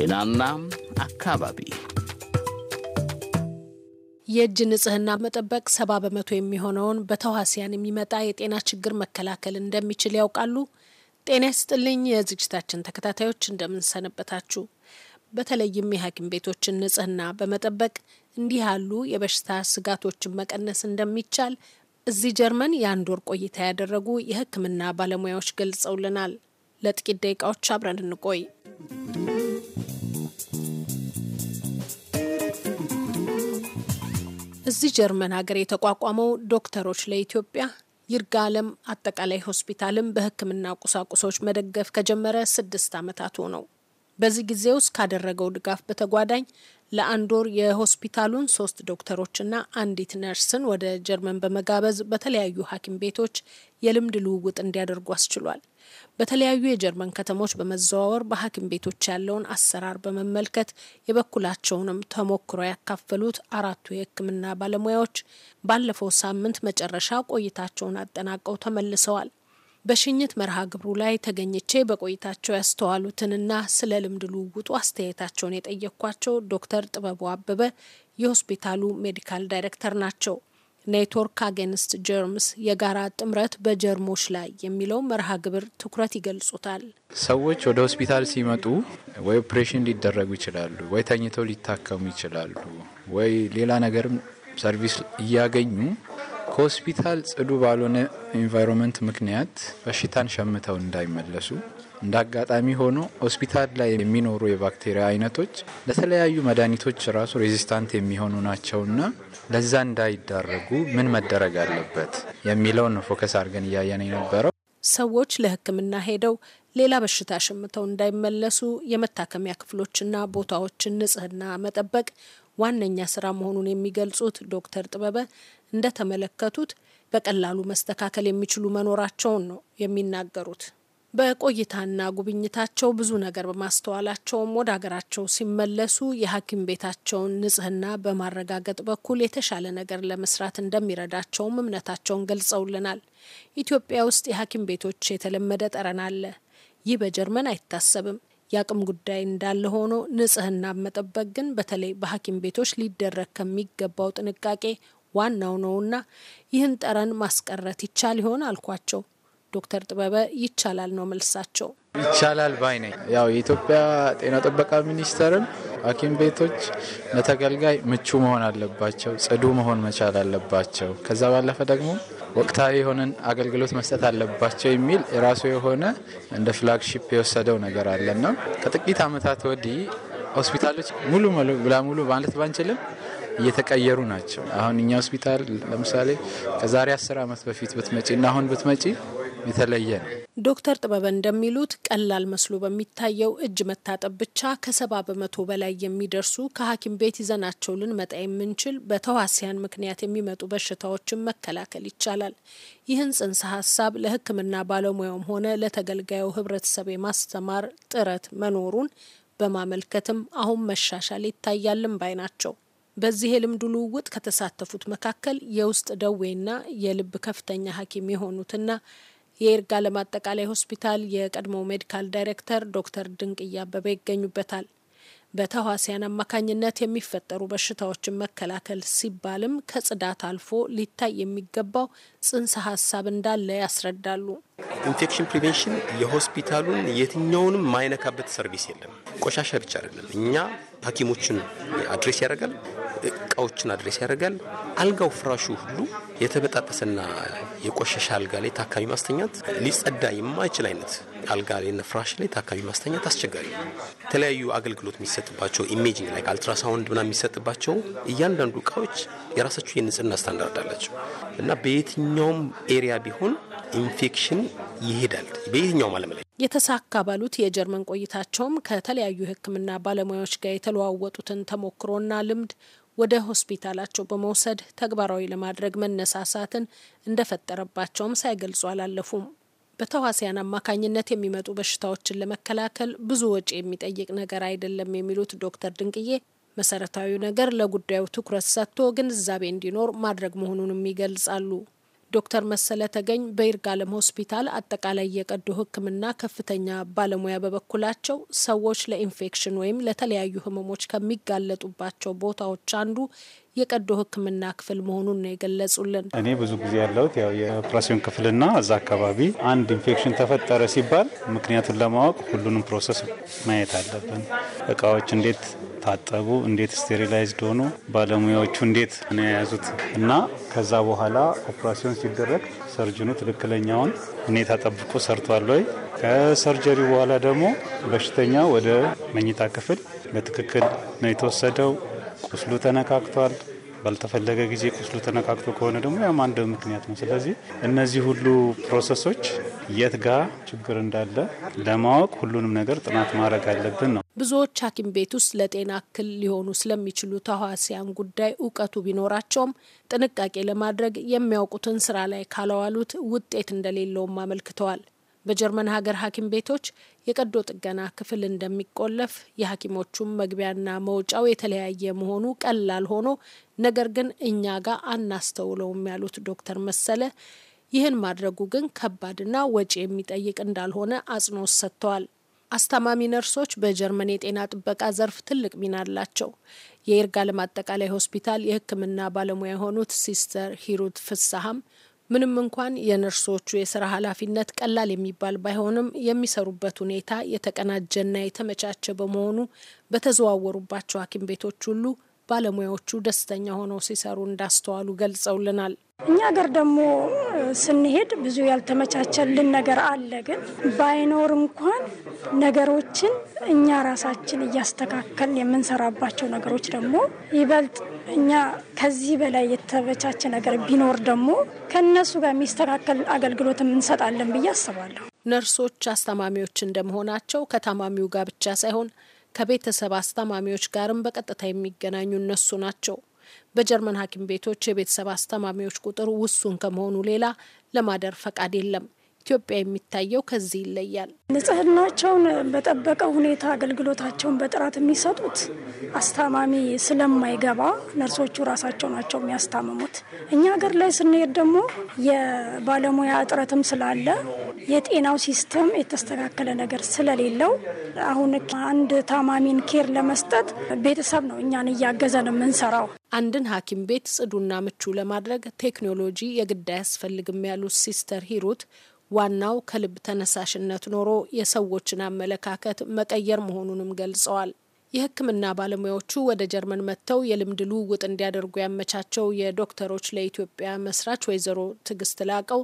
ጤናና አካባቢ የእጅ ንጽህና መጠበቅ ሰባ በመቶ የሚሆነውን በተዋሲያን የሚመጣ የጤና ችግር መከላከል እንደሚችል ያውቃሉ? ጤና ይስጥልኝ የዝግጅታችን ተከታታዮች እንደምንሰነበታችሁ። በተለይም የሐኪም ቤቶችን ንጽህና በመጠበቅ እንዲህ ያሉ የበሽታ ስጋቶችን መቀነስ እንደሚቻል እዚህ ጀርመን የአንድ ወር ቆይታ ያደረጉ የሕክምና ባለሙያዎች ገልጸውልናል። ለጥቂት ደቂቃዎች አብረን እንቆይ። እዚህ ጀርመን ሀገር የተቋቋመው ዶክተሮች ለኢትዮጵያ ይርጋ አለም አጠቃላይ ሆስፒታልም በሕክምና ቁሳቁሶች መደገፍ ከጀመረ ስድስት ዓመታት ነው። በዚህ ጊዜ ውስጥ ካደረገው ድጋፍ በተጓዳኝ ለአንድ ወር የሆስፒታሉን ሶስት ዶክተሮችና አንዲት ነርስን ወደ ጀርመን በመጋበዝ በተለያዩ ሐኪም ቤቶች የልምድ ልውውጥ እንዲያደርጉ አስችሏል። በተለያዩ የጀርመን ከተሞች በመዘዋወር በሐኪም ቤቶች ያለውን አሰራር በመመልከት የበኩላቸውንም ተሞክሮ ያካፈሉት አራቱ የሕክምና ባለሙያዎች ባለፈው ሳምንት መጨረሻ ቆይታቸውን አጠናቀው ተመልሰዋል። በሽኝት መርሃ ግብሩ ላይ ተገኝቼ በቆይታቸው ያስተዋሉትንና ስለ ልምድ ልውውጡ አስተያየታቸውን የጠየኳቸው ዶክተር ጥበቡ አበበ የሆስፒታሉ ሜዲካል ዳይሬክተር ናቸው። ኔትወርክ አጌንስት ጀርምስ የጋራ ጥምረት በጀርሞች ላይ የሚለው መርሃ ግብር ትኩረት ይገልጹታል። ሰዎች ወደ ሆስፒታል ሲመጡ ወይ ኦፕሬሽን ሊደረጉ ይችላሉ፣ ወይ ተኝተው ሊታከሙ ይችላሉ፣ ወይ ሌላ ነገርም ሰርቪስ እያገኙ ከሆስፒታል ጽዱ ባልሆነ ኢንቫይሮንመንት ምክንያት በሽታን ሸምተው እንዳይመለሱ እንደ አጋጣሚ ሆኖ ሆስፒታል ላይ የሚኖሩ የባክቴሪያ አይነቶች ለተለያዩ መድኃኒቶች ራሱ ሬዚስታንት የሚሆኑ ናቸውና ለዛ እንዳይዳረጉ ምን መደረግ አለበት የሚለውን ፎከስ አድርገን እያየን የነበረው። ሰዎች ለሕክምና ሄደው ሌላ በሽታ ሸምተው እንዳይመለሱ የመታከሚያ ክፍሎችና ቦታዎችን ንጽህና መጠበቅ ዋነኛ ስራ መሆኑን የሚገልጹት ዶክተር ጥበበ እንደተመለከቱት በቀላሉ መስተካከል የሚችሉ መኖራቸውን ነው የሚናገሩት። በቆይታና ጉብኝታቸው ብዙ ነገር በማስተዋላቸውም ወደ ሀገራቸው ሲመለሱ የሐኪም ቤታቸውን ንጽህና በማረጋገጥ በኩል የተሻለ ነገር ለመስራት እንደሚረዳቸውም እምነታቸውን ገልጸውልናል። ኢትዮጵያ ውስጥ የሐኪም ቤቶች የተለመደ ጠረን አለ። ይህ በጀርመን አይታሰብም። የአቅም ጉዳይ እንዳለ ሆኖ ንጽህና መጠበቅ ግን በተለይ በሐኪም ቤቶች ሊደረግ ከሚገባው ጥንቃቄ ዋናው ነውና ይህን ጠረን ማስቀረት ይቻል ይሆን አልኳቸው። ዶክተር ጥበበ ይቻላል ነው መልሳቸው። ይቻላል ባይ ነኝ። ያው የኢትዮጵያ ጤና ጥበቃ ሚኒስቴርም ሐኪም ቤቶች ለተገልጋይ ምቹ መሆን አለባቸው፣ ጽዱ መሆን መቻል አለባቸው። ከዛ ባለፈ ደግሞ ወቅታዊ የሆነን አገልግሎት መስጠት አለባቸው የሚል የራሱ የሆነ እንደ ፍላግሺፕ የወሰደው ነገር አለና ከጥቂት ዓመታት ወዲህ ሆስፒታሎች ሙሉ ለሙሉ ማለት ባንችልም እየተቀየሩ ናቸው። አሁን እኛ ሆስፒታል ለምሳሌ ከዛሬ አስር ዓመት በፊት ብትመጪ እና አሁን ብትመጪ የተለየ ነው። ዶክተር ጥበበ እንደሚሉት ቀላል መስሎ በሚታየው እጅ መታጠብ ብቻ ከሰባ በመቶ በላይ የሚደርሱ ከሐኪም ቤት ይዘናቸው ልንመጣ የምንችል በተዋሲያን ምክንያት የሚመጡ በሽታዎችን መከላከል ይቻላል። ይህን ጽንሰ ሀሳብ ለሕክምና ባለሙያውም ሆነ ለተገልጋዩ ህብረተሰብ የማስተማር ጥረት መኖሩን በማመልከትም አሁን መሻሻል ይታያልም ባይ ናቸው። በዚህ የልምድ ልውውጥ ከተሳተፉት መካከል የውስጥ ደዌና የልብ ከፍተኛ ሐኪም የሆኑትና የይርጋ ለማጠቃላይ አጠቃላይ ሆስፒታል የቀድሞ ሜዲካል ዳይሬክተር ዶክተር ድንቅያ አበበ ይገኙበታል። በተዋሲያን አማካኝነት የሚፈጠሩ በሽታዎችን መከላከል ሲባልም ከጽዳት አልፎ ሊታይ የሚገባው ጽንሰ ሀሳብ እንዳለ ያስረዳሉ። ኢንፌክሽን ፕሪቬንሽን የሆስፒታሉን የትኛውንም ማይነካበት ሰርቪስ የለም። ቆሻሻ ብቻ አይደለም። እኛ ሐኪሞችን አድሬስ ያደርጋል፣ እቃዎችን አድሬስ ያደርጋል። አልጋው ፍራሹ ሁሉ የተበጣጠሰና የቆሻሻ አልጋ ላይ ታካሚ ማስተኛት ሊጸዳ የማይችል አይነት አልጋ ላይ እና ፍራሽ ላይ ታካሚ ማስተኛት አስቸጋሪ ነው። የተለያዩ አገልግሎት የሚሰጥባቸው ኢሜጂንግ ላይ አልትራሳውንድ ምናምን የሚሰጥባቸው እያንዳንዱ እቃዎች የራሳቸው የንጽህና ስታንዳርድ አላቸው እና በየትኛውም ኤሪያ ቢሆን ኢንፌክሽን ይሄዳል በየትኛውም ዓለም ላይ። የተሳካ ባሉት የጀርመን ቆይታቸውም ከተለያዩ ሕክምና ባለሙያዎች ጋር የተለዋወጡትን ተሞክሮና ልምድ ወደ ሆስፒታላቸው በመውሰድ ተግባራዊ ለማድረግ መነሳሳትን እንደፈጠረባቸውም ሳይገልጹ አላለፉም። በተዋሲያን አማካኝነት የሚመጡ በሽታዎችን ለመከላከል ብዙ ወጪ የሚጠይቅ ነገር አይደለም የሚሉት ዶክተር ድንቅዬ መሰረታዊው ነገር ለጉዳዩ ትኩረት ሰጥቶ ግንዛቤ እንዲኖር ማድረግ መሆኑንም ይገልጻሉ። ዶክተር መሰለ ተገኝ በይርጋለም ሆስፒታል አጠቃላይ የቀዶ ሕክምና ከፍተኛ ባለሙያ በበኩላቸው ሰዎች ለኢንፌክሽን ወይም ለተለያዩ ህመሞች ከሚጋለጡባቸው ቦታዎች አንዱ የቀዶ ሕክምና ክፍል መሆኑን ነው የገለጹልን። እኔ ብዙ ጊዜ ያለሁት ያው የኦፕራሲዮን ክፍልና እዛ አካባቢ አንድ ኢንፌክሽን ተፈጠረ ሲባል ምክንያቱን ለማወቅ ሁሉንም ፕሮሰስ ማየት አለብን። እቃዎች እንዴት ታጠቡ፣ እንዴት ስቴሪላይዝድ ሆኑ፣ ባለሙያዎቹ እንዴት ነው የያዙት እና ከዛ በኋላ ኦፕራሲዮን ሲደረግ ሰርጅኑ ትክክለኛውን ሁኔታ ጠብቆ ሰርቷል ወይ፣ ከሰርጀሪ በኋላ ደግሞ በሽተኛ ወደ መኝታ ክፍል በትክክል ነው የተወሰደው፣ ቁስሉ ተነካክቷል ባልተፈለገ ጊዜ ቁስሉ ተነካክቶ ከሆነ ደግሞ ያም አንድ ምክንያት ነው። ስለዚህ እነዚህ ሁሉ ፕሮሰሶች የት ጋ ችግር እንዳለ ለማወቅ ሁሉንም ነገር ጥናት ማድረግ አለብን ነው። ብዙዎች ሐኪም ቤት ውስጥ ለጤና እክል ሊሆኑ ስለሚችሉ ተህዋሲያን ጉዳይ እውቀቱ ቢኖራቸውም ጥንቃቄ ለማድረግ የሚያውቁትን ስራ ላይ ካለዋሉት ውጤት እንደሌለውም አመልክተዋል። በጀርመን ሀገር ሐኪም ቤቶች የቀዶ ጥገና ክፍል እንደሚቆለፍ የሐኪሞቹም መግቢያና መውጫው የተለያየ መሆኑ ቀላል ሆኖ ነገር ግን እኛ ጋር አናስተውለውም ያሉት ዶክተር መሰለ ይህን ማድረጉ ግን ከባድና ወጪ የሚጠይቅ እንዳልሆነ አጽንኦት ሰጥተዋል። አስታማሚ ነርሶች በጀርመን የጤና ጥበቃ ዘርፍ ትልቅ ሚና አላቸው። የይርጋለም አጠቃላይ ሆስፒታል የሕክምና ባለሙያ የሆኑት ሲስተር ሂሩት ፍስሀም ምንም እንኳን የነርሶቹ የስራ ኃላፊነት ቀላል የሚባል ባይሆንም የሚሰሩበት ሁኔታ የተቀናጀና የተመቻቸ በመሆኑ በተዘዋወሩባቸው ሐኪም ቤቶች ሁሉ ባለሙያዎቹ ደስተኛ ሆነው ሲሰሩ እንዳስተዋሉ ገልጸውልናል። እኛ ሀገር ደግሞ ስንሄድ ብዙ ያልተመቻቸልን ነገር አለ። ግን ባይኖር እንኳን ነገሮችን እኛ ራሳችን እያስተካከል የምንሰራባቸው ነገሮች ደግሞ ይበልጥ እኛ ከዚህ በላይ የተመቻቸ ነገር ቢኖር ደግሞ ከነሱ ጋር የሚስተካከል አገልግሎት እንሰጣለን ብዬ አስባለሁ። ነርሶች አስተማሚዎች እንደመሆናቸው ከታማሚው ጋር ብቻ ሳይሆን ከቤተሰብ አስተማሚዎች ጋርም በቀጥታ የሚገናኙ እነሱ ናቸው። በጀርመን ሐኪም ቤቶች የቤተሰብ አስተማሚዎች ቁጥር ውሱን ከመሆኑ ሌላ ለማደር ፈቃድ የለም። በኢትዮጵያ የሚታየው ከዚህ ይለያል። ንጽህናቸውን በጠበቀ ሁኔታ አገልግሎታቸውን በጥራት የሚሰጡት አስታማሚ ስለማይገባ ነርሶቹ ራሳቸው ናቸው የሚያስታምሙት። እኛ ሀገር ላይ ስንሄድ ደግሞ የባለሙያ እጥረትም ስላለ የጤናው ሲስተም የተስተካከለ ነገር ስለሌለው አሁን አንድ ታማሚን ኬር ለመስጠት ቤተሰብ ነው እኛን እያገዘን የምንሰራው። አንድን ሐኪም ቤት ጽዱና ምቹ ለማድረግ ቴክኖሎጂ የግድ አያስፈልግም ያሉት ሲስተር ሂሩት ዋናው ከልብ ተነሳሽነት ኖሮ የሰዎችን አመለካከት መቀየር መሆኑንም ገልጸዋል። የሕክምና ባለሙያዎቹ ወደ ጀርመን መጥተው የልምድ ልውውጥ እንዲያደርጉ ያመቻቸው የዶክተሮች ለኢትዮጵያ መስራች ወይዘሮ ትዕግስት ላቀው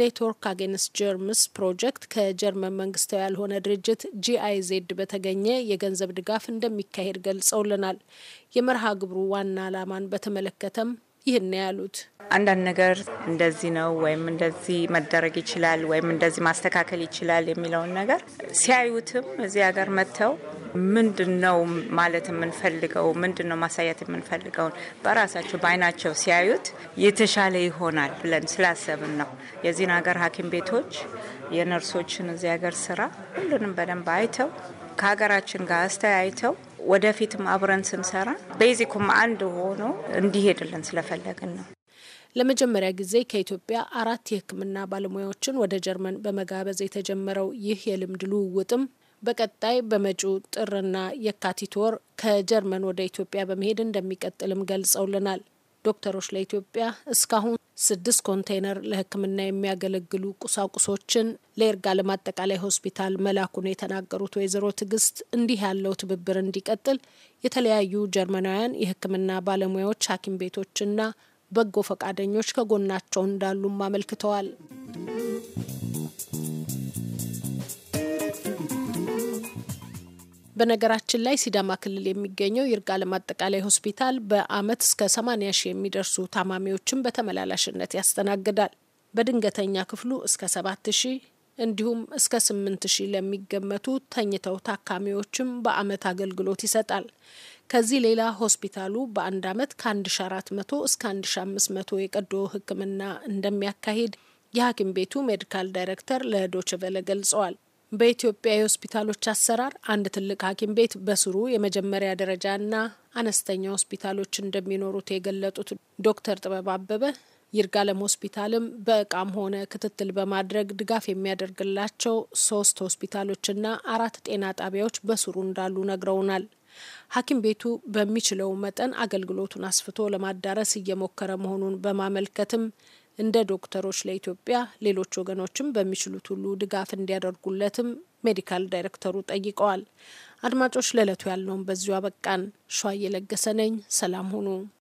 ኔትወርክ አጌንስት ጀርምስ ፕሮጀክት ከጀርመን መንግስታዊ ያልሆነ ድርጅት ጂአይዜድ በተገኘ የገንዘብ ድጋፍ እንደሚካሄድ ገልጸውልናል። የመርሃ ግብሩ ዋና ዓላማን በተመለከተም ይህን ያሉት አንዳንድ ነገር እንደዚህ ነው ወይም እንደዚህ መደረግ ይችላል ወይም እንደዚህ ማስተካከል ይችላል የሚለውን ነገር ሲያዩትም እዚህ ሀገር መጥተው ምንድን ነው ማለት የምንፈልገው ምንድን ነው ማሳየት የምንፈልገውን በራሳቸው በአይናቸው ሲያዩት የተሻለ ይሆናል ብለን ስላሰብን ነው። የዚህን ሀገር ሐኪም ቤቶች የነርሶችን እዚህ ሀገር ስራ ሁሉንም በደንብ አይተው ከሀገራችን ጋር አስተያይተው ወደፊትም አብረን ስንሰራ ቤዚኩም አንድ ሆኖ እንዲሄድልን ስለፈለግን ነው። ለመጀመሪያ ጊዜ ከኢትዮጵያ አራት የሕክምና ባለሙያዎችን ወደ ጀርመን በመጋበዝ የተጀመረው ይህ የልምድ ልውውጥም በቀጣይ በመጪው ጥርና የካቲት ወር ከጀርመን ወደ ኢትዮጵያ በመሄድ እንደሚቀጥልም ገልጸውልናል። ዶክተሮች ለኢትዮጵያ እስካሁን ስድስት ኮንቴይነር ለሕክምና የሚያገለግሉ ቁሳቁሶችን ለይርጋ ለማጠቃላይ አጠቃላይ ሆስፒታል መላኩን የተናገሩት ወይዘሮ ትዕግስት እንዲህ ያለው ትብብር እንዲቀጥል የተለያዩ ጀርመናውያን የሕክምና ባለሙያዎች ሐኪም ቤቶችና በጎ ፈቃደኞች ከጎናቸው እንዳሉም አመልክተዋል። በነገራችን ላይ ሲዳማ ክልል የሚገኘው ይርጋ ዓለም አጠቃላይ ሆስፒታል በአመት እስከ 80 ሺህ የሚደርሱ ታማሚዎችን በተመላላሽነት ያስተናግዳል። በድንገተኛ ክፍሉ እስከ 7 ሺህ እንዲሁም እስከ 8 ሺህ ለሚገመቱ ተኝተው ታካሚዎችም በአመት አገልግሎት ይሰጣል። ከዚህ ሌላ ሆስፒታሉ በአንድ አመት ከ1400 እስከ 1500 የቀዶ ሕክምና እንደሚያካሂድ የሐኪም ቤቱ ሜዲካል ዳይሬክተር ለዶችቨለ ገልጸዋል። በኢትዮጵያ የሆስፒታሎች አሰራር አንድ ትልቅ ሐኪም ቤት በስሩ የመጀመሪያ ደረጃና አነስተኛ ሆስፒታሎች እንደሚኖሩት የገለጡት ዶክተር ጥበብ አበበ ይርጋለም ሆስፒታልም በእቃም ሆነ ክትትል በማድረግ ድጋፍ የሚያደርግላቸው ሶስት ሆስፒታሎችና አራት ጤና ጣቢያዎች በስሩ እንዳሉ ነግረውናል። ሐኪም ቤቱ በሚችለው መጠን አገልግሎቱን አስፍቶ ለማዳረስ እየሞከረ መሆኑን በማመልከትም እንደ ዶክተሮች ለኢትዮጵያ ሌሎች ወገኖችም በሚችሉት ሁሉ ድጋፍ እንዲያደርጉለትም ሜዲካል ዳይሬክተሩ ጠይቀዋል። አድማጮች፣ ለዕለቱ ያልነውን በዚሁ አበቃን። ሸ የለገሰ ነኝ። ሰላም ሁኑ።